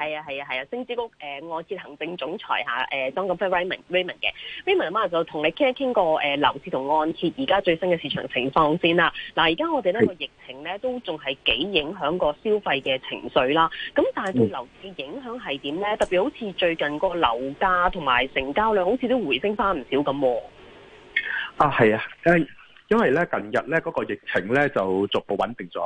係啊，係啊，係啊，啊！星之谷。誒，按揭行政總裁嚇誒當然係 Raymond 嘅 Raymond 阿媽，就同你傾一傾個誒樓市同按揭而家最新嘅市場情況先啦。嗱而家我哋呢個疫情咧都仲係幾影響個消費嘅情緒啦。咁但係對樓市嘅影響係點咧？特別好似最近個樓價同埋成交量好似都回升翻唔少咁，啊。啊係啊，啊因為咧近日咧嗰個疫情咧就逐步穩定咗，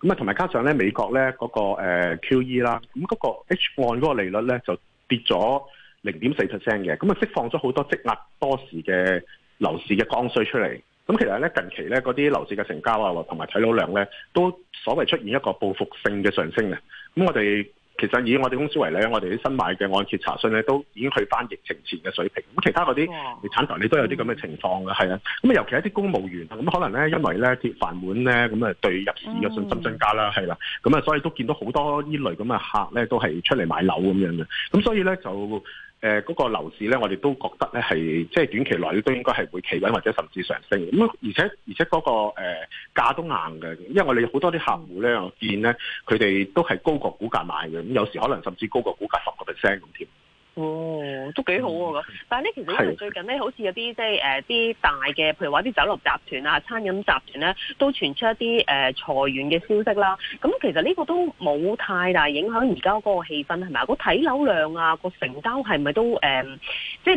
咁啊同埋加上咧美國咧嗰個 QE 啦，咁嗰個 H 按嗰個利率咧就跌咗零點四 percent 嘅，咁啊釋放咗好多積壓多時嘅樓市嘅剛需出嚟，咁其實咧近期咧嗰啲樓市嘅成交啊同埋睇樓量咧都所謂出現一個報復性嘅上升嘅，咁我哋。其實以我哋公司為例，我哋啲新買嘅按揭查詢咧，都已經去翻疫情前嘅水平。咁其他嗰啲地產台，你都有啲咁嘅情況嘅，係啊。咁啊，尤其一啲公務員，咁可能咧，因為咧鐵飯碗咧，咁啊對入市嘅信心增加啦，係啦。咁啊，所以都見到好多呢類咁嘅客咧，都係出嚟買樓咁樣嘅。咁所以咧就。誒、呃、嗰、那個樓市咧，我哋都覺得咧係即係短期內都應該係會企穩，或者甚至上升。咁而且而且嗰、那個誒、呃、價都硬嘅，因為我哋好多啲客戶咧，我見咧佢哋都係高過估價買嘅。咁有時可能甚至高過估價十個 percent 咁添。哦，都幾好啊！咁、嗯，但係咧，其實最近咧，好似有啲即係誒，啲、呃、大嘅，譬如話啲酒樓集團啊、餐飲集團咧、啊，都傳出一啲誒、呃、裁員嘅消息啦。咁、嗯、其實呢個都冇太大影響而家嗰個氣氛係咪？個睇樓量啊，個成交係咪都誒，即、呃、係、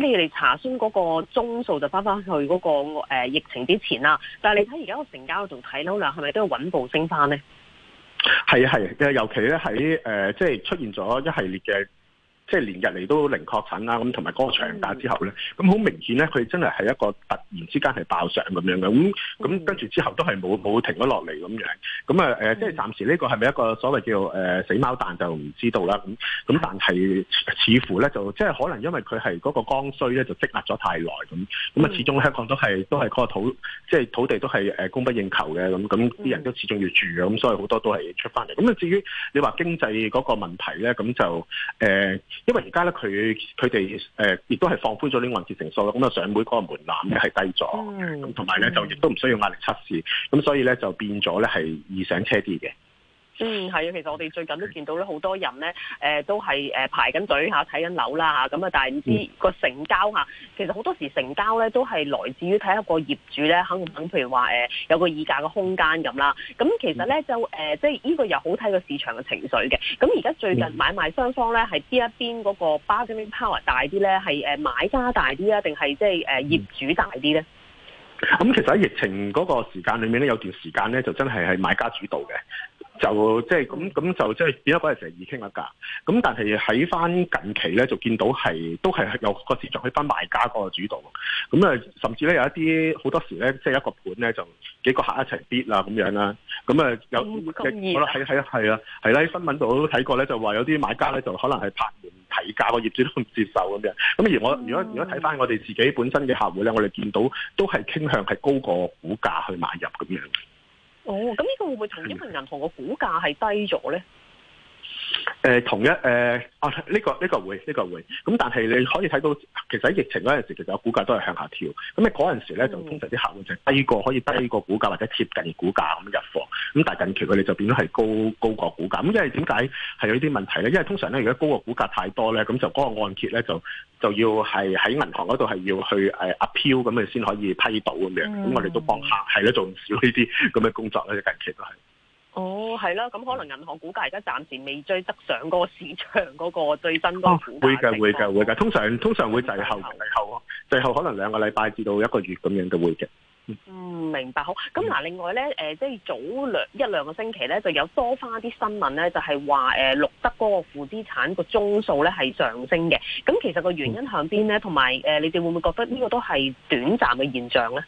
就是、你哋查詢嗰個宗數就翻翻去嗰個誒、呃、疫情之前啦。但係你睇而家個成交同睇樓量係咪都係穩步升翻咧？係啊係，尤其咧喺誒，即係出現咗一系列嘅。即係連日嚟都零確診啦，咁同埋嗰個長假之後咧，咁好明顯咧，佢真係係一個突然之間係爆上咁樣嘅，咁咁跟住之後都係冇冇停咗落嚟咁樣，咁啊、呃、即係暫時呢個係咪一個所謂叫誒、呃、死貓蛋就唔知道啦，咁咁但係似乎咧就即係可能因為佢係嗰個剛需咧就積壓咗太耐咁，咁啊始終香港都係都係嗰個土即係土地都係誒供不應求嘅，咁咁啲人都始終要住咁所以好多都係出翻嚟。咁啊至於你話經濟嗰個問題咧，咁就、呃因為而家咧，佢佢哋誒亦都係放寬咗啲按揭成數，咁啊上會嗰個門檻咧係低咗，咁同埋咧就亦都唔需要壓力測試，咁所以咧就變咗咧係易上車啲嘅。嗯，係啊，其實我哋最近都見到咧，好多人咧，誒、呃、都係誒排緊隊嚇睇緊樓啦嚇，咁啊，但係唔知、嗯、個成交嚇，其實好多時候成交咧都係來自於睇一個業主咧肯唔肯，譬如話誒有個議價嘅空間咁啦。咁、嗯、其實咧就誒、呃，即係呢個又好睇個市場嘅情緒嘅。咁而家最近買賣雙方咧，係邊一邊嗰個 bargaining power 大啲咧，係誒買家大啲啊，定係即係誒業主大啲咧？咁、嗯、其實喺疫情嗰個時間裏面咧，有段時間咧就真係係買家主導嘅。就即係咁咁就即係而家嗰日成日傾下價，咁但係喺翻近期咧，就見到係都係由個節奏去翻賣家個主導咁啊，甚至咧有一啲好多時咧，即係一個盤咧就幾個客一齊 bid 啦咁樣啦，咁啊有好啦，係係係啊，係啦，新聞度都睇過咧，就話有啲買家咧就可能係拍門提價，個業主都唔接受咁樣。咁而我如果如果睇翻我哋自己本身嘅客戶咧，我哋見到都係傾向係高過估價去買入咁樣。哦，咁呢個會唔會同因為銀行個股價係低咗呢？誒、呃，同一誒，呢、呃啊這個呢個會呢個會，咁、這個、但係你可以睇到，其實喺疫情嗰陣時，其實股價都係向下跳。咁你嗰陣時咧，就通常啲客戶就低過，可以低過股價或者貼近股價咁入貨。咁但係近期佢哋就變咗係高高過股價。咁因為點解係有呢啲問題咧？因為通常咧，如果高個股價太多咧，咁就嗰個按揭咧就就要係喺銀行嗰度係要去誒 appeal 咁樣先可以批到咁樣。咁我哋都幫客係咧、嗯、做唔少呢啲咁嘅工作咧，就近期都係。哦，係啦，咁可能銀行估價而家暫時未追得上個市場嗰個最新嗰個估價會嘅、哦，會嘅，會嘅。通常通常會滯後，滯後滯後可能兩個禮拜至到一個月咁樣嘅會嘅、嗯。嗯，明白好。咁嗱，另外呢，呃、即係早兩一兩個星期呢，就有多翻啲新聞呢，就係話錄得嗰個負資產個總數呢係上升嘅。咁其實個原因喺邊呢？同埋、呃、你哋會唔會覺得呢個都係短暫嘅現象呢？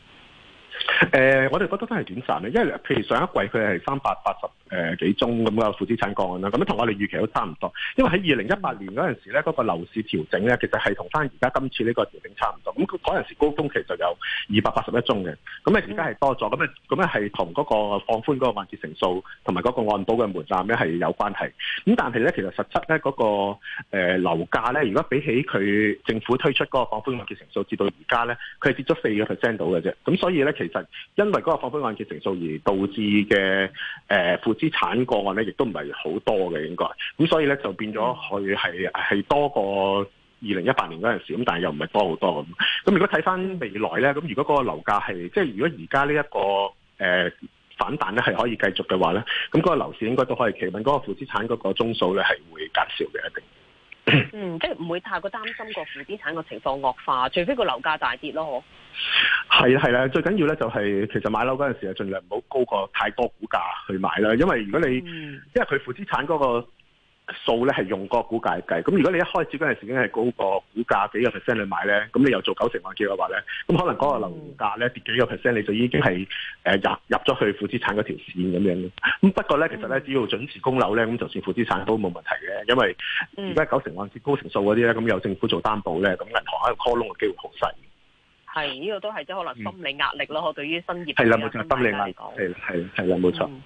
誒、呃，我哋覺得都係短暫咧，因為譬如上一季佢係三百八十誒幾宗咁嘅負資產個案啦，咁樣同我哋預期都差唔多。因為喺二零一八年嗰陣時咧，嗰、那個樓市調整咧，其實係同翻而家今次呢個調整差唔多。咁嗰陣時高峰期就有二百八十一宗嘅，咁啊而家係多咗，咁啊咁啊係同嗰個放寬嗰個按揭成數同埋嗰個按保嘅門檻咧係有關係。咁但係咧，其實實質咧嗰個誒、呃、樓價咧，如果比起佢政府推出嗰個放寬按揭成數，至到呢而家咧，佢係跌咗四個 percent 到嘅啫。咁所以咧，其其實因為嗰個放款按揭成數而導致嘅誒負資產個案咧，亦都唔係好多嘅，應該咁所以咧就變咗佢係係多過二零一八年嗰陣時，咁但係又唔係多好多咁。咁如果睇翻未來咧，咁如果嗰個樓價係即係如果而家呢一個誒、呃、反彈咧係可以繼續嘅話咧，咁嗰個樓市應該都可以企穩，問嗰個負資產嗰個宗數咧係會減少嘅一定。 嗯，即係唔會太過擔心個負資產個情況惡化，除非個樓價大跌咯。嗬， 係啊係啦，最緊要咧就係其實買樓嗰陣時啊，盡量唔好高過太多股價去買啦。因為如果你，嗯、因為佢負資產嗰、嗰個。數咧係用嗰個估價計，咁如果你一開始嗰陣時已經係高過估價幾個 percent 去買咧，咁你又做九成萬件嘅話咧，咁可能嗰個樓價咧跌、嗯、幾個 percent，你就已經係誒、呃、入入咗去負資產嗰條線咁樣嘅。咁不過咧，其實咧、嗯、只要準時供樓咧，咁就算負資產都冇問題嘅，因為而家九成萬至高成數嗰啲咧，咁有政府做擔保咧，咁銀行喺度 call loan 嘅機會好細。係，呢、呢個都係即可能心理壓力咯、嗯。對於新業係啦，冇錯，心理壓力係啦，係啦，冇錯。嗯。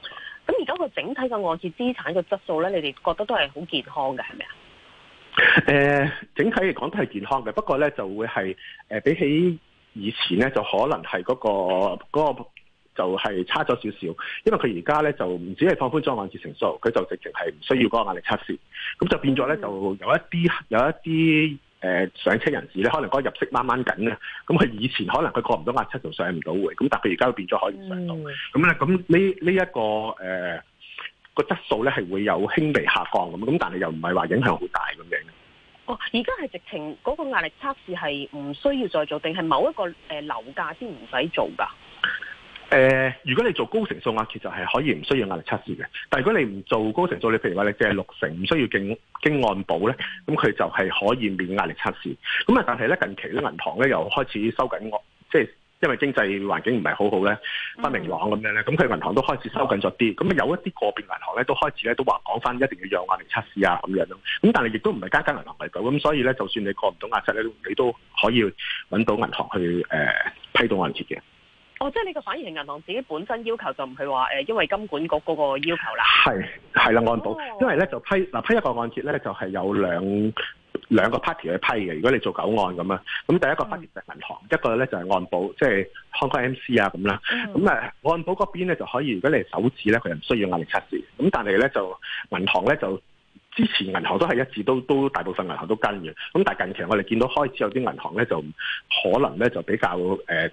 咁而家個整體嘅按揭資產嘅質素咧，你哋覺得都係好健康嘅，係咪啊？誒、呃，整體嚟講都係健康嘅，不過咧就會係、呃、比起以前咧，就可能係嗰、那個嗰個嗰、嗰個就係差咗少少，因為佢而家咧就唔止係放寬咗按揭成數，佢就直情係唔需要嗰個壓力測試，咁就變咗咧就有一啲、嗯、有一啲。誒、呃、上車人士咧，可能嗰入息掹掹緊咧，咁佢以前可能佢過唔到壓七就上唔到會，咁但佢而家變咗可以上到，咁咧咁呢呢一個誒個、呃、質素咧係會有輕微下降咁，咁但係又唔係話影響好大咁樣。哦，而家係直情嗰個壓力測試係唔需要再做，定係某一個誒、呃、樓價先唔使做㗎？誒、呃，如果你做高成數按揭，其實係可以唔需要壓力測試嘅。但係如果你唔做高成數，你譬如話你只係六成，唔需要經經按保咧，咁佢就係可以免壓力測試。咁啊，但係咧近期啲銀行咧又開始收緊，即係因為經濟環境唔係好好咧，不、嗯、明朗咁樣咧，咁佢銀行都開始收緊咗啲。咁、嗯、啊，有一啲個別銀行咧都開始咧都話講翻，一定要要壓力測試啊咁樣咯。咁但係亦都唔係間間銀行嚟到，咁所以咧，就算你過唔到壓測咧，你都可以揾到銀行去誒、呃、批到按揭嘅。哦，即係你個反而係銀行自己本身要求就不去說，就唔係話誒，因為金管局嗰個要求啦。係係啦，按保、哦，因為咧就批嗱批一個按揭咧，就係、是、有兩兩個 party 去批嘅。如果你做九案咁啊，咁、嗯嗯、第一個 party 就係銀行，一個咧就係按保，即係 Hong Kong MC 啊咁啦。咁、嗯、啊，按保嗰邊咧就可以，如果你係首次咧，佢係唔需要壓力測試。咁但係咧就銀行咧就之前銀行都係一致，都都大部分銀行都跟嘅。咁但係近期我哋見到開始有啲銀行咧就可能咧就比較誒。呃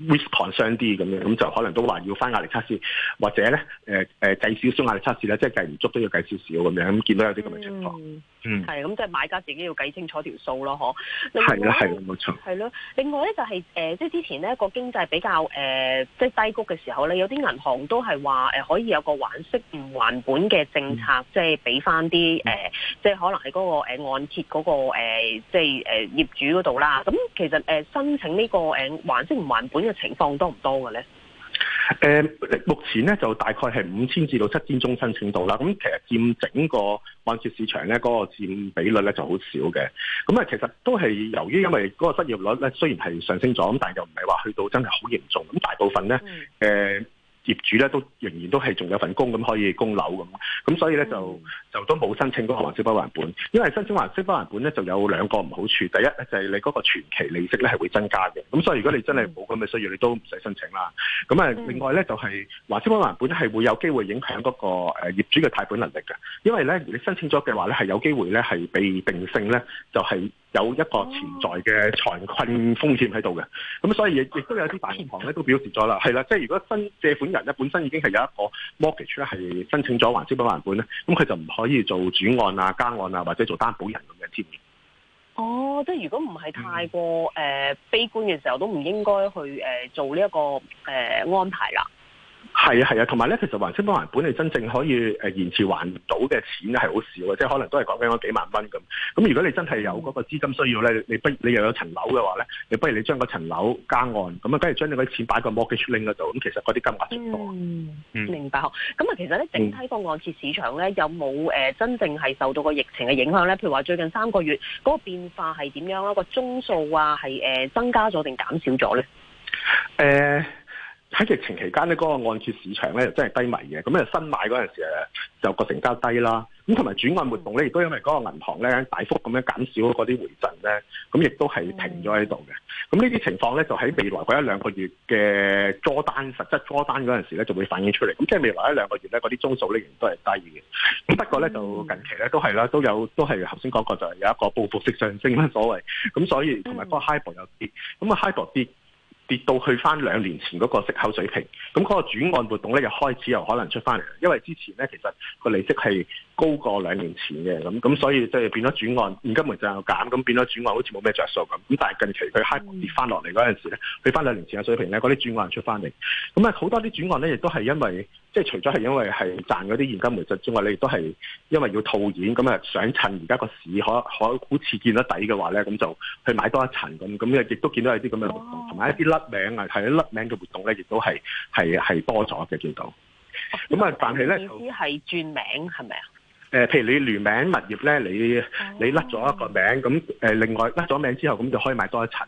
with concern 啲咁樣，咁就可能都話要翻壓力測試，或者咧誒誒計少少壓力測試咧，即係計唔足都要計少少咁樣。咁見到有啲咁嘅情況。嗯，係咁即係買家自己要計清楚條數咯，嗬。係啦係啦，冇錯。係咯，另外咧就係、是、誒、呃，即係之前咧個經濟比較誒、呃、即係低谷嘅時候咧，有啲銀行都係話誒可以有個還息唔還本嘅政策，嗯、即係俾翻啲誒即係可能係嗰、那個誒按揭嗰個誒、呃、即係誒、呃、業主嗰度啦。咁其實誒、呃、申請呢、這個誒、呃、還息唔還本嘅情況多唔多嘅咧？誒、呃、目前咧就大概係五千至到七千宗申請到啦，咁、嗯、其實佔整個按揭市場咧嗰、那個佔比率咧就好少嘅，咁、嗯、啊其實都係由於因為嗰個失業率咧雖然係上升咗，咁但又唔係話去到真係好嚴重，咁大部分咧誒、嗯嗯呃、業主咧都仍然都係仲有份工咁可以供樓咁，咁、嗯、所以咧、嗯、就，就都冇申請嗰個還息不還本，因為申請還息不還本咧，就有兩個唔好處。第一咧就係你嗰個全期利息咧係會增加嘅，咁所以如果你真係冇咁嘅需要，你都唔使申請啦。咁啊，另外咧就係還息不還本咧，係會有機會影響嗰個誒業主嘅貸款能力嘅，因為咧你申請咗嘅話咧，係有機會咧係被定性咧，就係有一個潛在嘅財困風險喺度嘅。咁所以亦都有啲大銀行咧都表示咗啦，係啦，即係如果新借款人咧本身已經係有一個 mortgage 咧係申請咗還息不還本咧，咁佢就唔可可以做主按啊、加按啊，或者做擔保人咁嘅層面。哦，即係如果唔係太過誒、嗯呃、悲觀嘅時候，都唔應該去誒、呃、做呢、這、一個誒、呃、安排啦。係啊，係啊，同埋咧，其實還息不還本，你真正可以誒延遲還到嘅錢係好少嘅，即係可能都係講緊嗰幾萬蚊咁。咁如果你真係有嗰個資金需要咧，你不你又有層樓嘅話咧，你不如你將嗰層樓加按，咁啊，跟住將你嗰啲錢擺個 mortgage link 嗰度，咁其實嗰啲金額仲多嗯，嗯，明白。咁、嗯、啊，其實咧整體個按揭市場咧有冇誒真正係受到個疫情嘅影響咧？譬如話最近三個月嗰、嗰個變化係點樣？一、嗰個宗數啊，係誒增加咗定減少咗咧？誒、嗯。喺疫情期間咧，嗰、那個按揭市場咧真係低迷嘅。咁啊，新買嗰陣時就個成交低啦。咁同埋轉按活動咧，亦都因為嗰個銀行咧大幅咁樣減少嗰啲回贈咧，咁亦都係停咗喺度嘅。咁呢啲情況咧，就喺未來嗰一兩個月嘅捉單，實質捉單嗰陣時咧，就會反映出嚟。咁即係未來一兩個月咧，嗰啲宗數咧仍然都係低嘅。咁不過咧，就近期咧都係啦，都有都係頭先講過，就係、是、有一個報復式上升啦。所謂。咁所以同埋嗰個 HIBOR 有跌，咁啊 HIBOR 跌，跌到去翻兩年前嗰個息口水平，咁、那、嗰個轉按活動咧又開始又可能出翻嚟啦。因為之前咧其實個利息係。高過兩年前嘅咁咁，所以即係變咗轉按現金回贈又減，咁變咗轉按好，好似冇咩着數咁。咁但係近期佢下跌翻落嚟嗰陣時咧，佢翻兩年前嘅水平咧，嗰啲轉按出翻嚟，咁啊好多啲轉按咧亦都係因為即係除咗係因為係賺嗰啲現金回贈之外，你亦都係因為要套現，咁啊想趁而家個市可可好似見得底嘅話咧，咁就去買多一層咁，咁亦都見到有啲咁嘅活動，同、哦、埋一啲甩名啊，係一甩名嘅活動咧，亦都係係係多咗嘅見到。咁、哦、啊，但係咧意思係轉名係咪啊？誒、呃，譬如你聯名物業咧，你你甩咗一個名，咁誒，另外甩咗名之後，咁就可以買多一層，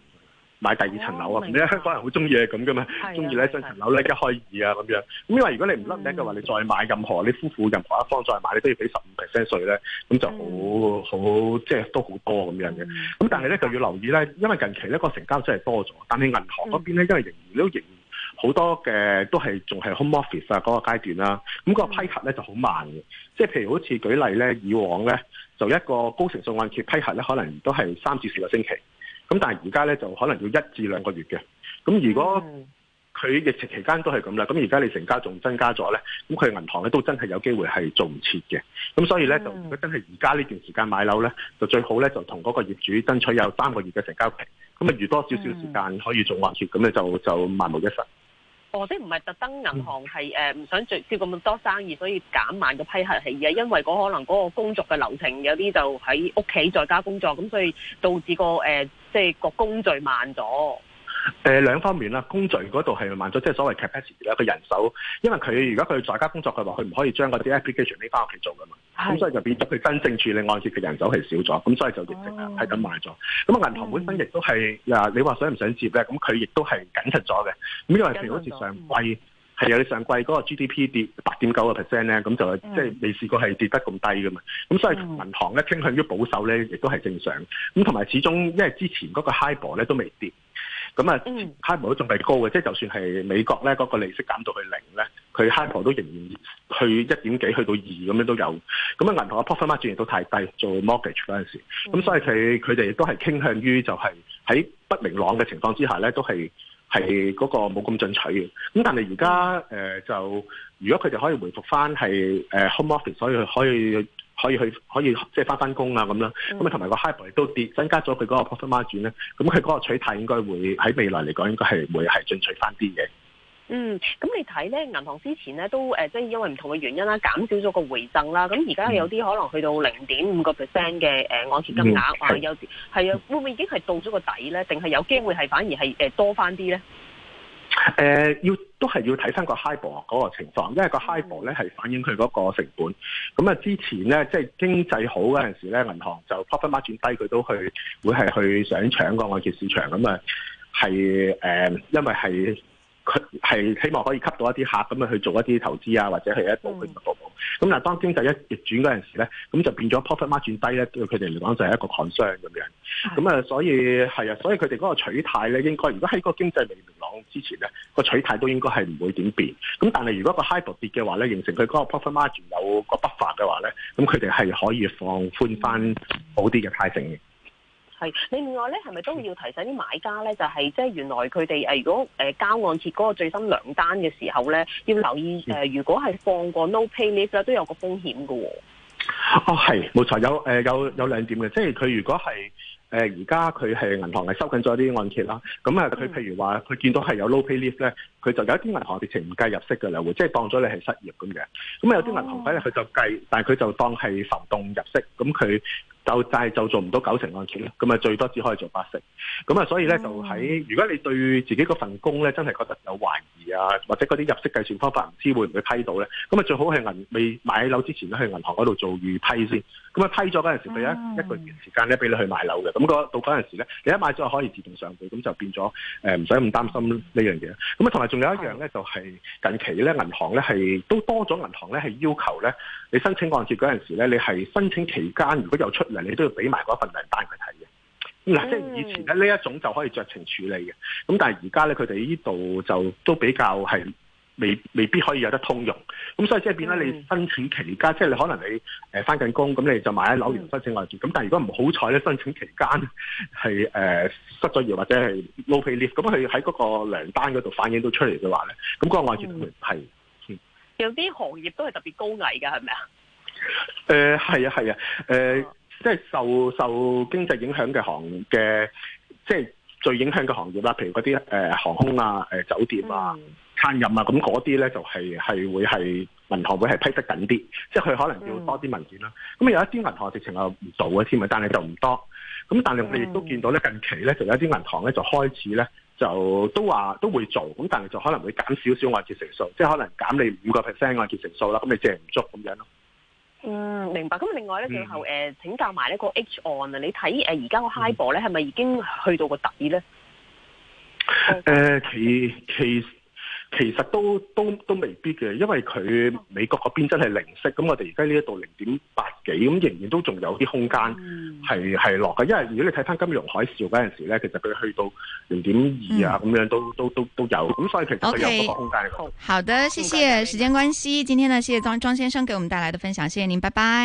買第二層樓啊！咁、哦、咧，香港人好中意咁嘅嘛，中意咧將層樓咧一開二啊咁樣。咁因為如果你唔甩名嘅話，你再買任何你夫婦任何一方再買，你15、就是、都要俾十五 percent 稅咧，咁就好好即係都好多咁樣嘅。咁但係咧就要留意咧，因為近期咧、嗰個成交真係多咗，但係銀行嗰邊咧因為仍然都仍。好多嘅都係仲係 home office 啊嗰、嗰個階段啦、啊，咁、個批核咧就好慢嘅，即係譬如好似舉例咧，以往咧就一個高成數按揭批核咧，可能都係三至四個星期，咁但係而家咧就可能要一至兩個月嘅。咁如果佢疫情期間都係咁啦，咁而家你成交仲增加咗咧，咁佢銀行咧都真係有機會係做唔切嘅。咁所以咧就如果真係而家呢段時間買樓咧，就最好咧就同嗰個業主爭取有三個月嘅成交期，咁啊預多少少時間可以做按揭，咁咧就就萬無一失。或者唔係特登，銀行係誒，唔想做接咁多生意，所以減慢個批核嘅，因為嗰，可能嗰個工作嘅流程有啲就喺屋企在家工作，咁所以導致個誒，即係個工序慢咗。誒、呃，兩方面啦，工序嗰度係慢咗，即係所謂 capacity 咧，佢人手，因為佢如果佢在家工作嘅話，佢唔可以將嗰啲 application 拎翻屋企做噶嘛，咁所以就變咗佢真正處理按揭嘅人手係少咗，咁所以就疫情啊，係咁慢咗。咁啊，銀行本身亦都係你話想唔想接咧？咁佢亦都係謹慎咗嘅。咁因為譬如好似上季，係啊，嗯、有上季嗰個 GDP 跌八點九個 percent 咧，咁就，嗯、即係未試過係跌得咁低噶嘛。咁所以銀行咧傾向於保守咧，亦都係正常。咁同埋始終，因為之前嗰個 HIBOR 咧都未跌。咁啊，息差都仲係高嘅，即係就算係美國咧，嗰個利息減到去零咧，佢息差都仍然去一點幾，去到二咁樣都有。咁啊，銀行嘅 profit margin 亦都太低，做 mortgage 嗰陣時，咁所以佢佢哋亦都係傾向於就係喺不明朗嘅情況之下咧，都係係嗰個冇咁進取嘅。咁但係而家誒就，如果佢哋可以回復翻係 home market，所以佢可以。可以去可以即係翻翻工啊，咁啦，咁啊同埋個 Hyper 亦都跌，增加咗佢嗰個 profit margin 咧，咁佢嗰個取態應該會喺未來嚟講，應該係會係進取翻啲嘅。嗯，咁你睇咧，銀行之前咧都誒，即、呃、係、就是、因為唔同嘅原因啦，減少咗個回贈啦，咁而家有啲可能去到零點五個 percent 嘅誒，按揭、呃、金額啊，有時係啊，會唔會已經係到咗個底咧？定係有機會係反而係誒、呃、多翻啲咧？誒、呃、要都係要睇翻個 HIBOR 嗰個情況，因為個 HIBOR 咧係反映佢嗰個成本。咁、嗯、啊，之前咧即係經濟好嗰陣時咧，銀行就 profit margin 低，佢都去會係去想搶個按揭市場咁啊，係、嗯、誒、呃，因為係佢係希望可以吸到一啲客咁啊，去做一啲投資啊，或者係一保險嘅服務。咁、嗯、嗱，當經濟一逆轉嗰陣時咧，咁就變咗 profit margin 低咧，對佢哋嚟講就係一個 concern 咁樣。咁啊，所以係啊，所以佢哋嗰個取態咧，應該如果喺個經濟未明朗之前咧，個取態都應該係唔會點變。咁但係如果個 HIBOR 跌嘅話咧，形成佢嗰個 profit margin 有個 buffer 嘅話咧，咁佢哋係可以放寬翻好啲嘅派息嘅。嗯。係，你另外咧，係咪都要提醒啲買家咧？就係、是、即係原來佢哋誒，如果誒、呃、交按揭嗰個最新糧單嘅時候咧，要留意誒、呃，如果係放過 no pay leave 咧，都有個風險嘅、哦。哦，係，冇錯，有誒、呃、有有兩點嘅，即係佢如果係誒而家佢係銀行係收緊咗啲按揭啦，咁啊佢譬如話佢、嗯、見到係有 no pay leave 咧。佢就有一啲銀行係直情唔計入息嘅啦，會即係當咗你係失業咁嘅。咁有啲銀行咧，佢就計，但係佢就當係浮動入息，咁佢就但係就做唔到九成按揭啦。咁啊最多只可以做八成。咁啊所以咧、嗯、就喺如果你對自己嗰份工咧真係覺得有懷疑啊，或者嗰啲入息計算方法唔知會唔會批到咧，咁啊最好係銀未買樓之前咧去銀行嗰度做預批先。咁啊批咗嗰陣時，佢一、嗯、一個月時間咧俾你去買樓嘅。咁到嗰陣時咧，你一買咗可以自動上去，咁就變咗誒唔使咁擔心呢樣嘢。咁同埋。另一樣咧，就係、是、近期咧，銀行咧係都多咗銀行咧，係要求咧，你申請按揭嗰陣時咧，你係申請期間，如果有出糧，你都要俾埋嗰份糧單佢睇嘅。嗱、嗯，即係以前咧，呢一種就可以酌情處理嘅。咁但係而家咧，佢哋呢度就都比較係。未未必可以有得通用，咁所以即係變咗你申請期間、嗯，即係你可能你誒返緊工，咁、呃、你就買一樓，完申請外借。咁、嗯、但係如果唔好彩咧，申請期間係誒失咗業或者係 low pay leave 咁佢喺嗰個糧單嗰度反映到出嚟嘅話咧，咁、那、嗰個案件係有啲行業都係特別高危嘅，係咪、呃、啊？誒，係啊，係、呃、啊，誒、嗯呃，即係受受經濟影響嘅行嘅，即係最影響嘅行業啦，譬如嗰啲誒航空啊，誒、呃、酒店啊。嗯差任啊，咁嗰啲咧就係、是、係會係銀行會係批得緊啲，即係佢可能要多啲文件啦。咁、嗯、有一啲銀行直情啊唔做嘅，添啊，但係就唔多。咁但係我哋亦都見到咧近期咧，就有一啲銀行咧就開始咧就都話都會做，咁但係就可能會減少少按揭成數，即係可能減你五個 percent 按揭成數啦，咁你借唔足咁樣咯。嗯，明白。咁另外咧最後誒、嗯呃、請教埋呢個 H 按啊，你睇誒而家個 HIBOR 咧係咪已經去到個底咧？誒、okay. 其、呃、其。其其實都都都未必嘅，因為佢美國嗰邊真係零息，咁我哋而家呢一度零點八幾，咁、嗯、仍然都仲有啲空間係係落嘅。因為如果你睇返金融海嘯嗰陣時咧，其實佢去到零點二啊，咁樣都、嗯、都都都有，咁所以其實佢有嗰個空間喺度、okay, 好的，謝謝時間關係，今天呢，謝謝莊莊先生給我們帶來的分享，謝謝您，拜拜。